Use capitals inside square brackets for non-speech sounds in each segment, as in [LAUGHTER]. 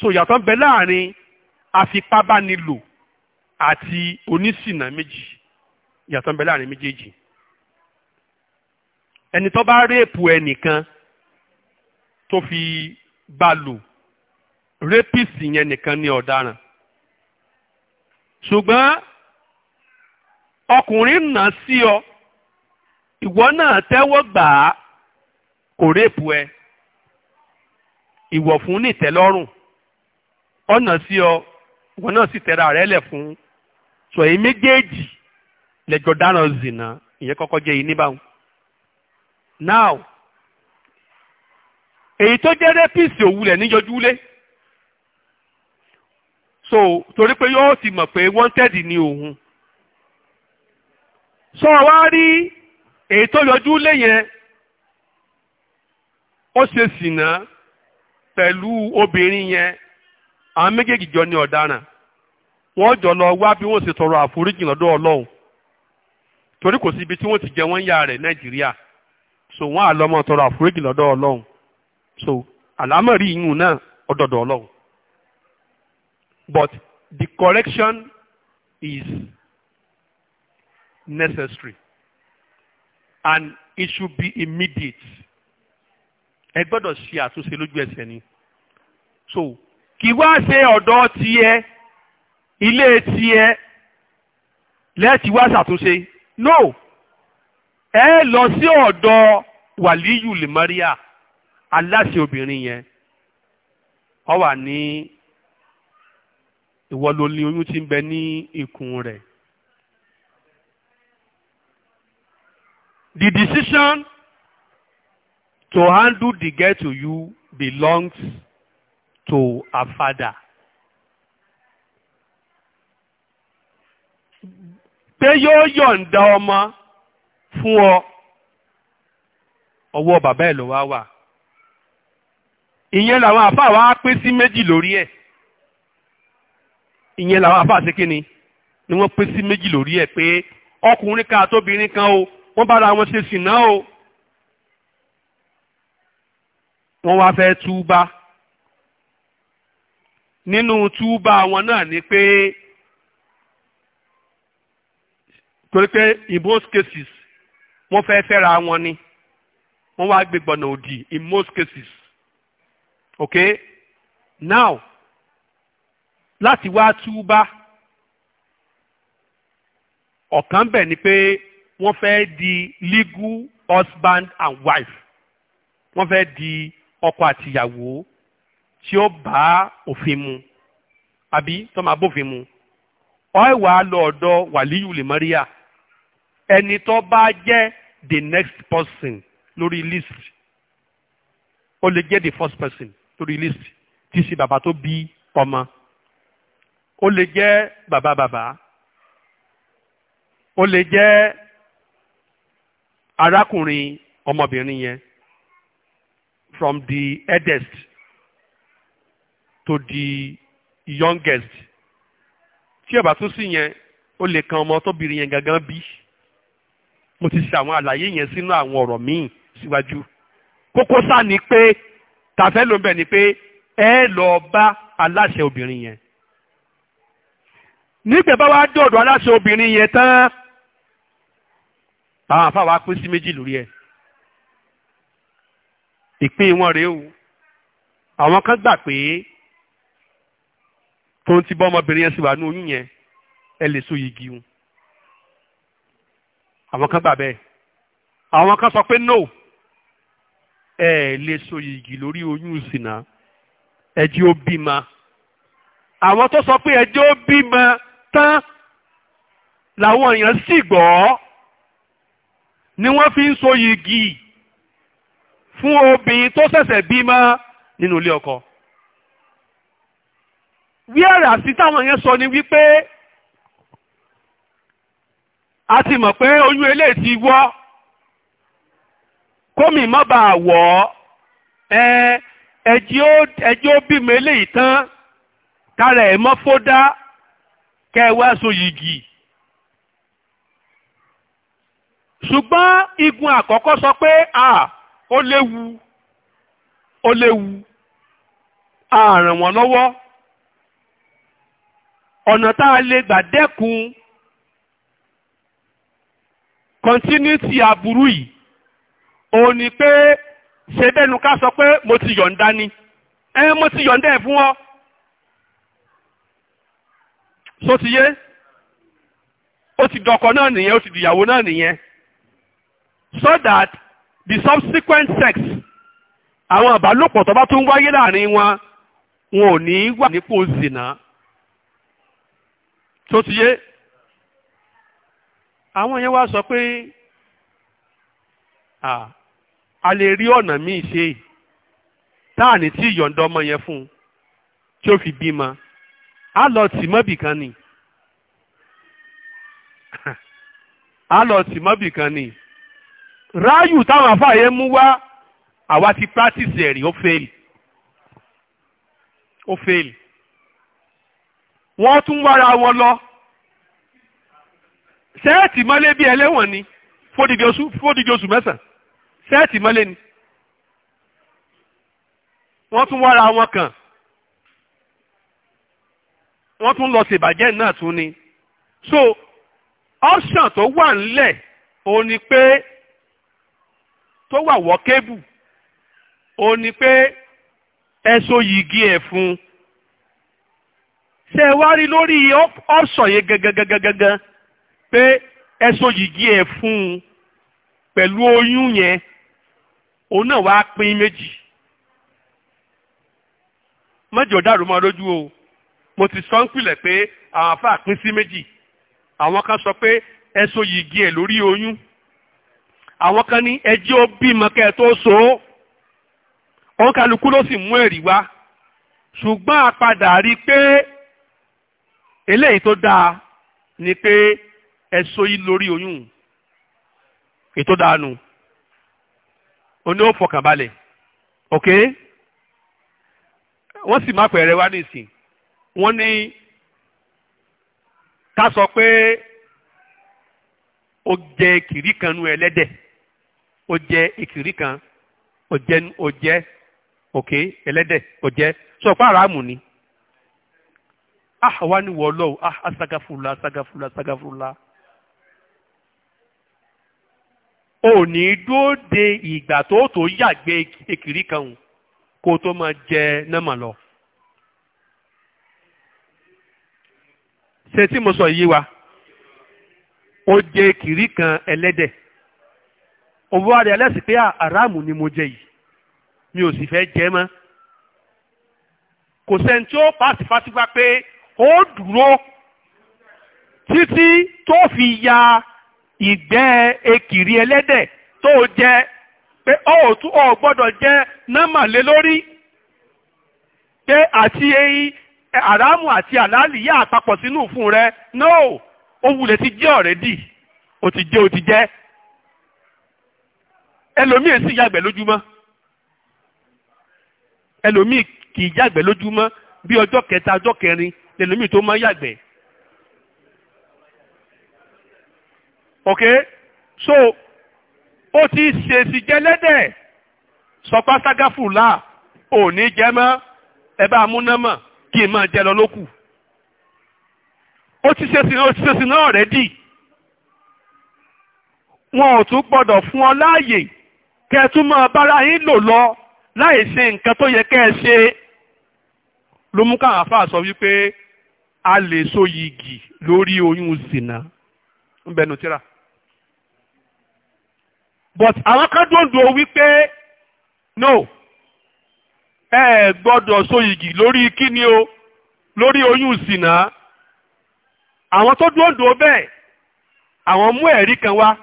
so ìyàtọ̀ ń bẹ láàrin afipábánilò àti onísìnà méjì ìyàtọ̀ ń bẹ láàrin méjèèjì ẹni tó bá réèpù ẹnìkan tó fi bá lò répìsì yẹn nìkan ni ọ̀daràn ṣùgbọ́n ọkùnrin nà sí ọ ìwọ náà tẹ́wọ́ gbà á kò réèpù ẹ ìwọ̀ nìtẹ́lọ́rùn ọ̀nà sí ọ wọn náà sì tẹ̀ra rẹ̀ lẹ̀ fún sọ èyí méjèèjì lẹ́jọ́ dáná zìnà ìyẹn kọ́kọ́ jẹ́ yìí níbàwọ̀n. now èyí tó jẹ́ rẹ́pìsì so torí pé yóò ti mọ̀ pé wanted ni òun sọ wá rí èyí tó yọjú yẹn ó ṣe sìnà pẹ̀lú obìnrin yẹn àwọn méjèèjì jọ ní ọ̀daràn wọ́n jọ lọ wá bí wọ́n ṣe tọrọ àforíjì lọ́dọ̀ ọlọ́run torí kò sí ibi tí wọ́n ti jẹ wọ́n yà rẹ̀ nàìjíríà so wọ́n á lọ́mọ tọrọ àforíjì lọ́dọ̀ ọlọ́run so àlámọ̀rí yìnyín náà ọ̀dọ̀dọ̀ ọlọ́run but the correction is necessary and it should be immediate ẹ gbọ́dọ̀ ṣe àtúnṣe lójú ẹsẹ̀ ni so kì wá ṣe ọ̀dọ̀ tiẹ̀ ilé tiẹ̀ lẹ́ẹ̀tì wá ṣàtúnṣe no ẹ lọ sí ọ̀dọ̀ wàlíyù lèmọ́ríà aláṣẹ obìnrin yẹn ọ wà ní ìwọ oyún tí ń bẹ ní ikùn rẹ̀ the decision to handle the get to you belongs to our father. pé yóò yọ̀ǹda ọmọ fún ọ ọwọ́ bàbá ẹ̀ ló wá wà ìyẹn làwọn àfáà wá pín sí méjì lórí ẹ̀ ìyẹn làwọn àfáà ṣe kíni ni wọ́n pín sí méjì lórí ẹ̀ pé ọkùnrin kan àtòbìnrin kan o wọ́n bára wọn ṣe sìnà o wọ́n wá fẹ́ túbá nínú túbà wọn náà ni pé torí pé in most cases wọ́n fẹ́ fẹ́ra wọn ni wọ́n wá gbé gbọ̀nà òdì in most cases okay now láti wá túbà ọ̀kan bẹ̀ ni pé wọ́n fẹ́ di legal husband and wife wọ́n fẹ́ di ọkọ àtìyàwó tí ó bá òfin mu àbí tó máa bófin mu ọ ìwà lọ ọ̀dọ̀ wàlíyù lè mọ́ríyà ẹni tó bá jẹ́ the next person lórí list ó lè jẹ́ the first person lórí list tí í ṣe bàbá tó bí ọmọ ó lè jẹ́ bàbá bàbá ó lè jẹ́ arákùnrin ọmọbìnrin yẹn from the eldest to the youngest tí ó bá tún sí yẹn ó lè kan ọmọ tóbìnrin yẹn gangan bí mo ti ṣe àwọn àlàyé yẹn sínú àwọn ọ̀rọ̀ míì síwájú kókó sá ni pé tàfẹ́ ló ń bẹ̀ ni pé ẹ lọ bá aláṣẹ obìnrin yẹn nígbà bá wá dọ̀dọ̀ aláṣẹ obìnrin yẹn tán àwọn àfa pín sí méjì lórí ẹ̀ ìpín wọn rèé o àwọn kan gbà pé tó ń ti bọ́ ọmọbìnrin yẹn sì wà ní oyún yẹn ẹ lè so yìgì un àwọn kan gbà bẹ́ẹ̀ àwọn kan sọ pé no ẹ lè so yìgì lórí oyún ìsìnà ẹjẹ́ ó bímọ àwọn tó sọ pé ẹjẹ́ ó bímọ tán làwọn èèyàn sì gbọ́ ni wọ́n fi ń so yìgì fún obìnrin tó ṣẹ̀ṣẹ̀ bímọ nínú ilé ọkọ bí ẹ̀rà sí táwọn yẹn sọ ni wípé a ti mọ̀ pé oyún eléyìí ti wọ́ kómi má bàa wọ̀ ọ́ ẹ ẹjẹ́ ó bímọ eléyìí tán kára ẹ̀ mọ́ fódá kẹ́ ẹ ṣùgbọ́n igun àkọ́kọ́ sọ pé a ó léwu ó léwu a ràn wọ́n lọ́wọ́ ọ̀nà tá a lè gbà dẹ́kun kọ́ńtínítì aburú yìí òun ni pé ṣe bẹ́nu ká sọ pé mo ti yọ̀ǹda ni ẹ mo ti yọ̀ǹda ẹ̀ fún ọ so ti yé ó ti dọkọ náà nìyẹn ó ti dìyàwó náà nìyẹn so that the subsequent sex àwọn àbálòpọ̀ tó bá tún wáyé láàrin wọn wọn ò ní wà nípò zìnà tó ti yé àwọn yẹn wá sọ pé a lè rí ọ̀nà míì ṣe táà ní tí ìyọ̀ǹda ọmọ yẹn fún un tí ó fi bímọ á lọ tì mọ́bì kan ni á [LAUGHS] lọ tì mọ́bì kan ni ráàyù táwọn afáàyè mú wá àwa ti practice ẹ̀rí ó fail ó fail wọ́n tún wára wọn lọ sẹ́ẹ̀tì mọ́lé bí ẹlẹ́wọ̀n ni fódìdì oṣù fódìdì oṣù mẹ́sàn-án sẹ́ẹ̀tì mọ́lé ni wọ́n tún wára wọn kàn wọ́n tún lọ ṣèbàjẹ́ náà tún ni so option tó wà ńlẹ̀ òun ni pé tó wà wọ́ kébù òun ni pé ẹ so yìgì ẹ̀ fún un. tẹ́ ẹ wá rí lórí ọ̀sọ̀ yẹn gangan pé ẹ so ẹ̀ un pẹ̀lú oyún yẹn òun náà wá pín méjì mọ́jọ dàrú o mo ti sọ ń pilẹ̀ pé àwọn afá pín sí méjì àwọn so pe ẹ̀ lórí oyún àwọn kan ní ẹjẹ́ ó bímọ kẹ́ ẹ tó so ó òun ló sì mú ẹ̀rí wá ṣùgbọ́n eléyìí tó dáa ni pé ẹ so yìí lórí oyún èyí tó dáa nù oní ó fọkàn balẹ̀ ok wọ́n sì má pẹ̀rẹ̀ wá nísìn wọ́n ní ká sọ pé ó jẹ kìrí kan nu ẹlẹ́dẹ̀ ó jẹ ìkìrí kan ó jẹ ó jẹ ok ẹlẹ́dẹ̀ ó jẹ sọ pé àràmù ni ah wá ní lọ́wọ́ ah asagafula asagafula asagafula. ò ní dúró de ìgbà tó tó yàgbé ekiri kan kó tó máa jẹ nẹ́mà lọ. ṣé tí mo sọ yìí wa ó jẹ ekiri kan ẹlẹ́dẹ̀ òun wá rẹ pé àràmù ni mo jẹ yìí mi ò sì fẹ́ jẹ mọ́ kò sẹ́ni tí ó pàṣípàṣípà pé ó dúró títí tó fi ya ìgbẹ́ ekiri ẹlẹ́dẹ̀ tó jẹ pé ó tún ọ gbọ́dọ̀ jẹ nọ́mà lé lórí pé àti eyin àrámù àti àlàálì yá àpapọ̀ sínú fún rẹ no ó wulẹ̀ ti jẹ́ ọ̀rẹ́dì ó ti jẹ́ ó ti jẹ́ ẹlòmíì sì yàgbẹ́ lójúmọ́ ẹlòmíì kì í yàgbẹ́ lójúmọ́ bí ọjọ́ kẹta ọjọ́ kẹrin lẹ́lómi tó máa yàgbẹ́. ok so ó ti ṣèṣì jẹ lẹ́dẹ̀ sọpá ságàfù là ò ní jẹ mọ́ ẹ bá múná mọ̀ kí n máa jẹ lọ lókù. ó ti ṣèṣì náà ó ti ṣèṣì náà rẹ́dì wọn ò tún gbọ́dọ̀ fún ọ láàyè kẹ́ ẹ tún máa bára yín lò lọ láì ṣe nǹkan tó yẹ kẹ́ ẹ ṣe ló mú káwọn àfáà sọ wípé a lè so yìgì lórí oyún zina ń bẹnu tíra but àwọn kan dòdò wípé no ẹ gbọdọ so yìgì lórí kíni o lórí oyún zina àwọn tó dòdò be àwọn mú ẹ̀rí kan wá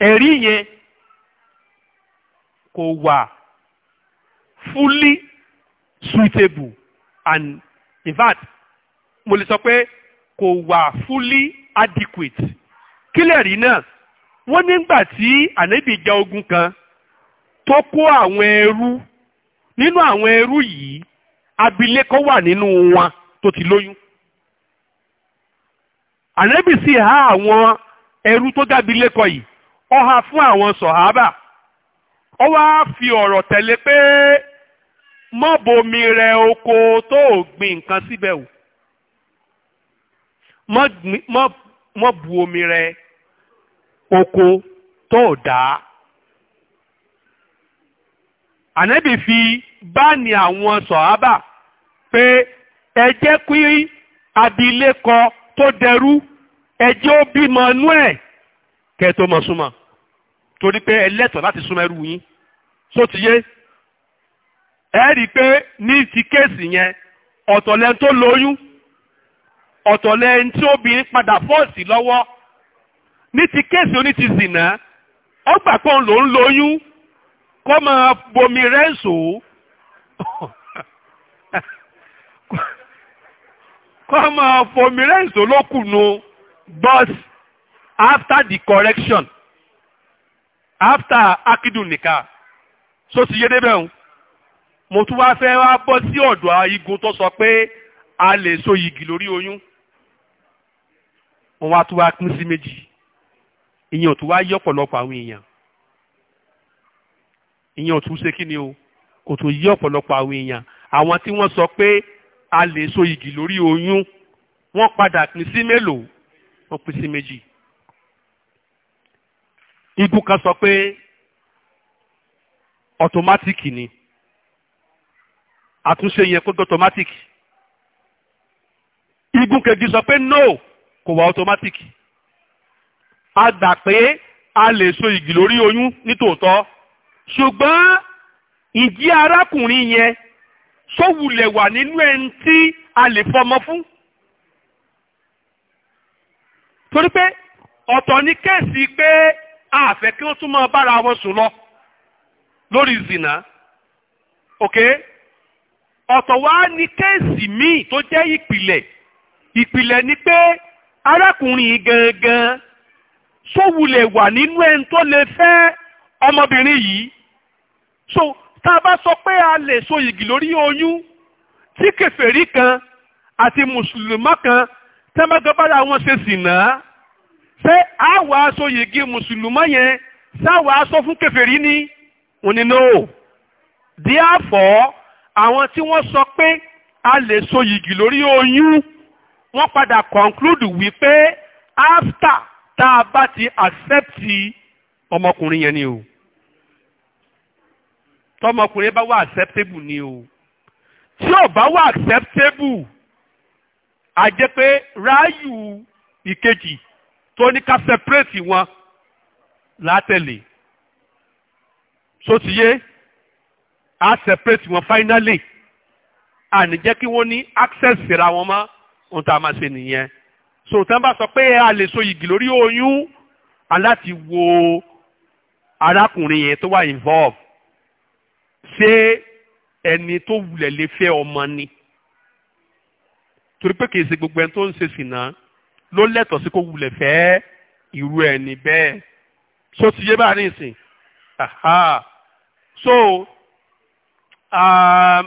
ẹ̀rí yẹn kò wà fully suitable and in fact mo lè sọ pé kò wà fully adequate kílẹ̀ rí náà wọ́n nígbà tí ànábì ja ogun kan tó kó àwọn ẹrú nínú àwọn ẹrú yìí abilékọ wà nínú wọn tó ti lóyún ànábì sì há àwọn ẹrú tó dábilékọ yìí ó há fún àwọn sọ̀hábà ó wá fi ọ̀rọ̀ tẹ̀lé pé mọ́bomi rẹ oko tó gbìn nǹkan síbẹ̀ wò mọ́ bu omi rẹ oko tó dá. ànábì fi báàní àwọn sọ̀hábà pé ẹ jẹ́ kí abilékọ tó dẹrú ẹ jẹ́ ó bímọ inú ẹ̀ kẹ́ ẹ tó mọ̀ súnmọ́ torí pé ẹ lẹ́tọ̀ọ́ láti súnmọ́ ẹrú yín só ti yé ẹ rí i pé ní ti kéèsì yẹn ọ̀tọ̀lẹ́ni tó lóyún ọ̀tọ̀ lẹ́yìn tí obìnrin padà fọ́ọ̀sì lọ́wọ́ ní ti kéèsì oní ti zìnà ọgbà kan ló ń lóyún kó máa bomi rẹ́ǹsò [LAUGHS] kó máa bomi rẹ́ǹsò lókùnù but after the correction after akidun nìkan so ti yé débẹ̀ o mo tún wá fẹ́ wá bọ́ sí ọ̀dọ̀ igun tó sọ pé a lè so yìgì lórí oyún wọ́n wá tún wá pín sí méjì ìyẹn ò tún wá yí ọ̀pọ̀lọpọ̀ àwọn èèyàn ìyẹn ò tún ṣe kí ni o kò tún yí ọ̀pọ̀lọpọ̀ àwọn èèyàn àwọn tí wọ́n sọ pé a lè so igi lórí oyún wọ́n padà pín sí mélòó wọ́n pín sí méjì igun kan sọ pé ọ̀tọ̀mátìkì ni àtúnṣe yẹn kó dọ́tọ̀mátìkì igun kejì sọ pé no kò wá automatic a gbà pé a lè so igi lórí oyún nítòótọ́ ṣùgbọ́n ìjí arákùnrin yẹn sówulẹ̀ wà nínú ẹni tí a lè fọmọ fún torí pé ọ̀tọ̀ ní kẹ́ẹ̀sì pé a fẹ́ kí wọ́n tún máa bára wọn sùn lọ lórí zina ok ọ̀tọ̀ wá ní kẹ́ẹ̀sì míì tó jẹ́ ìpìlẹ̀ ìpìlẹ̀ ni pé arákùnrin gangan sówulẹ̀ wà nínú ẹni tó lè fẹ́ ọmọbìnrin yìí so tá a bá sọ pé a lè so yìgì lórí oyún tí kèfèrí kan àti mùsùlùmá kan tẹ́mẹ́gbẹ́bára wọn ṣe sì náà ṣé a wà á so yìgì mùsùlùmá yẹn sáwà á sọ fún kèfèrí ní òní náà díàfọ́ àwọn tí wọ́n sọ pé a lè so yìgì lórí oyún wọ́n padà conclude wípé after tá a bá ti accept ọmọkùnrin yẹn ni o tọmọkùnrin bá wà acceptable ni o tí ò bá wà acceptable a jẹ́ pé ráàyù ìkejì tó ní ká separate wọn látẹ̀lé so ti yé a separate wọn finally àní jẹ́ kí wọ́n ní access síra wọn mọ́ ohun tá a máa ṣe nìyẹn so tán bá sọ pé a lè so yìgì lórí oyún aláti wo arákùnrin yẹn tó wà involve ṣé ẹni tó wulẹ̀ lè fẹ́ ọmọ ni torí pé kìí ṣe gbogbo ẹni tó ń ṣe sìnà ló lẹ́tọ̀ọ́ sí kó wulẹ̀ fẹ́ irú ẹni bẹ́ẹ̀ so ti yé bá ní ìsìn so um,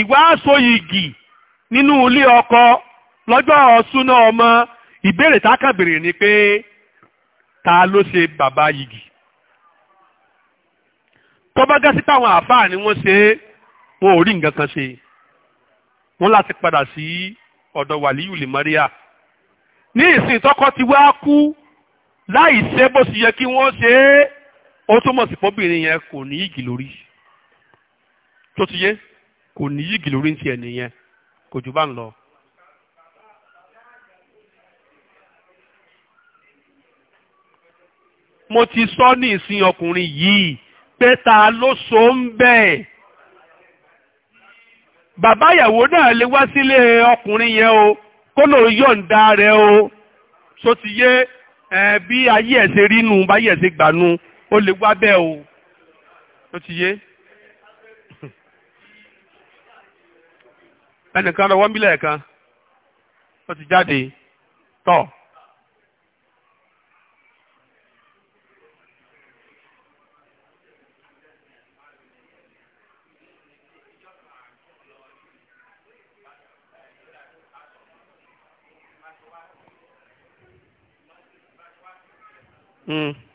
ìwà aṣọ yìgì nínú ilé ọkọ lọ́jọ́ súná ọmọ ìbéèrè tákàbèrè ni pé ta ló ṣe bàbá yìgì tó bá gá sí táwọn àáfàá ni wọ́n ṣe wọn ò rí nǹkan kan ṣe wọ́n láti padà sí ọ̀dọ̀ wàlíyù lè mọ́ríà ní ìsìn tọkọ ti wá kú láì ṣe bó ṣe yẹ kí wọ́n ṣe é ó túmọ̀ sí fọ́bìnrin yẹn kò ní yìgì lórí tó ti yé kò ní yìgì lórí ti ẹ̀ nìyẹn kò jù bá ń lọ. mo ti sọ ní ìsìn ọkùnrin yìí pé ta ló so ń bẹ́ẹ̀. bàbá ìyàwó náà lè wá sílé ọkùnrin yẹn o kó ló yọ̀ǹda rẹ̀ o so ti yé ẹ bí ayé ẹ̀ ṣe rí nu báyé ẹ̀ ṣe gbà nu ó lè wá bẹ́ẹ̀ o so ti yé. ẹnìkan lọ wọ́n bílẹ̀ kan ó ti jáde tọ́. ம்